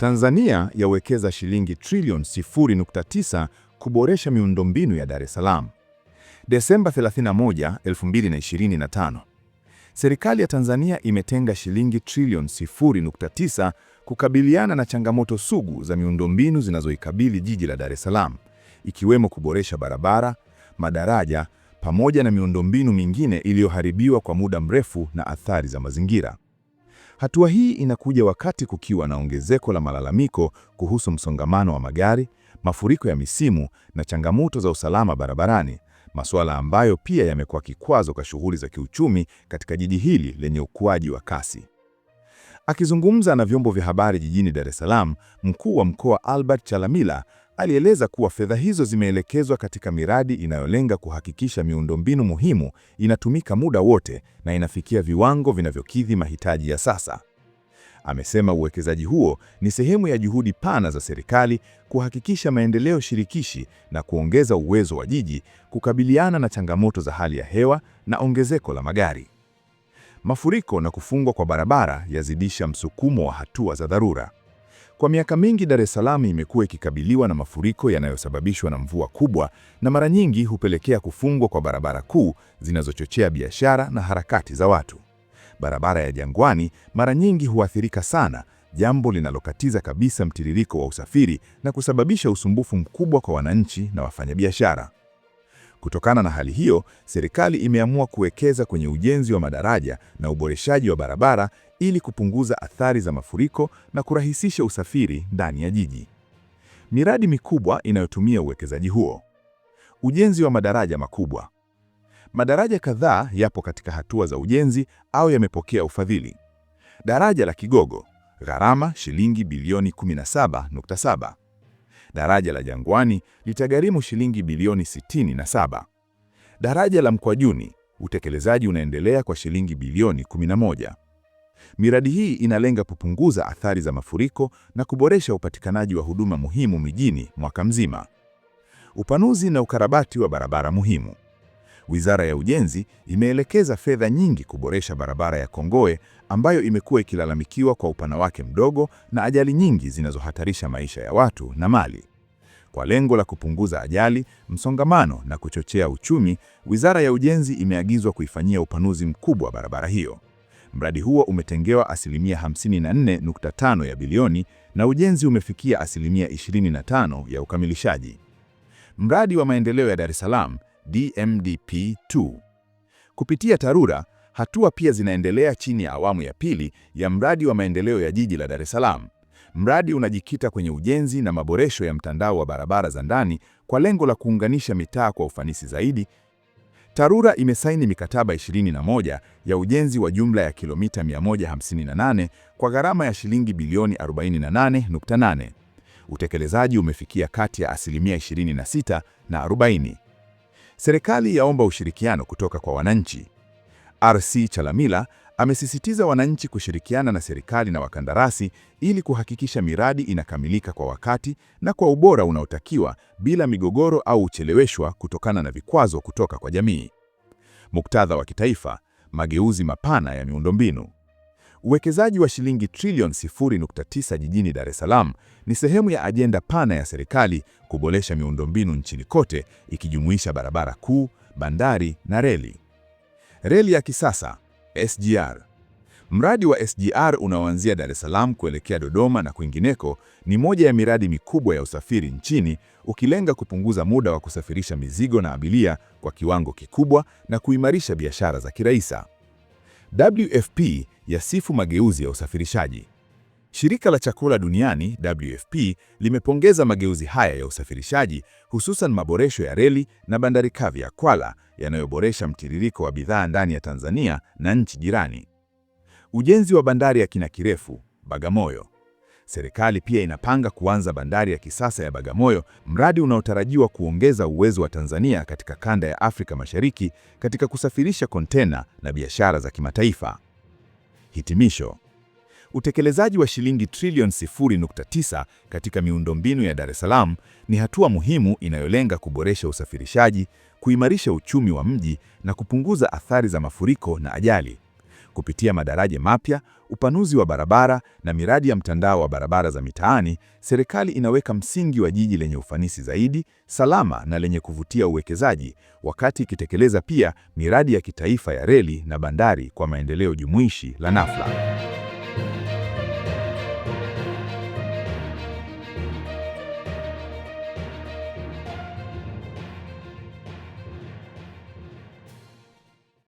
Tanzania yawekeza shilingi trilioni 0.9 kuboresha miundombinu ya Dar es Salaam. Desemba 31, 2025. Serikali ya Tanzania imetenga shilingi trilioni 0.9 kukabiliana na changamoto sugu za miundombinu zinazoikabili jiji la Dar es Salaam, ikiwemo kuboresha barabara, madaraja pamoja na miundombinu mingine iliyoharibiwa kwa muda mrefu na athari za mazingira. Hatua hii inakuja wakati kukiwa na ongezeko la malalamiko kuhusu msongamano wa magari, mafuriko ya misimu na changamoto za usalama barabarani, masuala ambayo pia yamekuwa kikwazo kwa shughuli za kiuchumi katika jiji hili lenye ukuaji wa kasi. Akizungumza na vyombo vya habari jijini Dar es Salaam, Mkuu wa Mkoa Albert Chalamila alieleza kuwa fedha hizo zimeelekezwa katika miradi inayolenga kuhakikisha miundombinu muhimu inatumika muda wote na inafikia viwango vinavyokidhi mahitaji ya sasa. Amesema uwekezaji huo ni sehemu ya juhudi pana za serikali kuhakikisha maendeleo shirikishi na kuongeza uwezo wa jiji kukabiliana na changamoto za hali ya hewa na ongezeko la magari. Mafuriko na kufungwa kwa barabara yazidisha msukumo wa hatua za dharura. Kwa miaka mingi Dar es Salaam imekuwa ikikabiliwa na mafuriko yanayosababishwa na mvua kubwa na mara nyingi hupelekea kufungwa kwa barabara kuu zinazochochea biashara na harakati za watu. Barabara ya Jangwani mara nyingi huathirika sana, jambo linalokatiza kabisa mtiririko wa usafiri na kusababisha usumbufu mkubwa kwa wananchi na wafanyabiashara. Kutokana na hali hiyo, serikali imeamua kuwekeza kwenye ujenzi wa madaraja na uboreshaji wa barabara ili kupunguza athari za mafuriko na kurahisisha usafiri ndani ya jiji. Miradi mikubwa inayotumia uwekezaji huo. Ujenzi wa madaraja makubwa. Madaraja kadhaa yapo katika hatua za ujenzi au yamepokea ufadhili. Daraja la Kigogo, gharama shilingi bilioni 17.7. Daraja la Jangwani litagharimu shilingi bilioni 67. Daraja la Mkwajuni, utekelezaji unaendelea kwa shilingi bilioni 11. Miradi hii inalenga kupunguza athari za mafuriko na kuboresha upatikanaji wa huduma muhimu mijini mwaka mzima. Upanuzi na ukarabati wa barabara muhimu. Wizara ya Ujenzi imeelekeza fedha nyingi kuboresha barabara ya Kongoe ambayo imekuwa ikilalamikiwa kwa upana wake mdogo na ajali nyingi zinazohatarisha maisha ya watu na mali. Kwa lengo la kupunguza ajali, msongamano na kuchochea uchumi, Wizara ya Ujenzi imeagizwa kuifanyia upanuzi mkubwa barabara hiyo. Mradi huo umetengewa asilimia 54.5 ya bilioni na ujenzi umefikia asilimia 25 ya ukamilishaji. Mradi wa maendeleo ya Dar es Salaam DMDP2. Kupitia TARURA, hatua pia zinaendelea chini ya awamu ya pili ya mradi wa maendeleo ya jiji la Dar es Salaam. Mradi unajikita kwenye ujenzi na maboresho ya mtandao wa barabara za ndani kwa lengo la kuunganisha mitaa kwa ufanisi zaidi TARURA imesaini mikataba 21 ya ujenzi wa jumla ya kilomita 158 kwa gharama ya shilingi bilioni 48.8. Utekelezaji umefikia kati ya asilimia 26 na 40. Serikali yaomba ushirikiano kutoka kwa wananchi. RC Chalamila amesisitiza wananchi kushirikiana na serikali na wakandarasi ili kuhakikisha miradi inakamilika kwa wakati na kwa ubora unaotakiwa bila migogoro au ucheleweshwa kutokana na vikwazo kutoka kwa jamii. Muktadha wa kitaifa, mageuzi mapana ya miundombinu. Uwekezaji wa shilingi trilioni 0.9 jijini Dar es Salaam ni sehemu ya ajenda pana ya serikali kuboresha miundombinu nchini kote ikijumuisha barabara kuu, bandari na reli. Reli ya kisasa SGR. Mradi wa SGR unaoanzia Dar es Salaam kuelekea Dodoma na kwingineko ni moja ya miradi mikubwa ya usafiri nchini, ukilenga kupunguza muda wa kusafirisha mizigo na abiria kwa kiwango kikubwa na kuimarisha biashara za kiraisa. WFP yasifu mageuzi ya usafirishaji. Shirika la Chakula Duniani WFP limepongeza mageuzi haya ya usafirishaji, hususan maboresho ya reli na bandari kavu ya Kwala yanayoboresha mtiririko wa bidhaa ndani ya Tanzania na nchi jirani. Ujenzi wa bandari ya kina kirefu Bagamoyo. Serikali pia inapanga kuanza bandari ya kisasa ya Bagamoyo, mradi unaotarajiwa kuongeza uwezo wa Tanzania katika kanda ya Afrika Mashariki katika kusafirisha kontena na biashara za kimataifa. Hitimisho. Utekelezaji wa shilingi trilioni 0.9 katika miundombinu ya Dar es Salaam ni hatua muhimu inayolenga kuboresha usafirishaji, kuimarisha uchumi wa mji na kupunguza athari za mafuriko na ajali. Kupitia madaraja mapya, upanuzi wa barabara na miradi ya mtandao wa barabara za mitaani, serikali inaweka msingi wa jiji lenye ufanisi zaidi, salama na lenye kuvutia uwekezaji, wakati ikitekeleza pia miradi ya kitaifa ya reli na bandari kwa maendeleo jumuishi, la nafla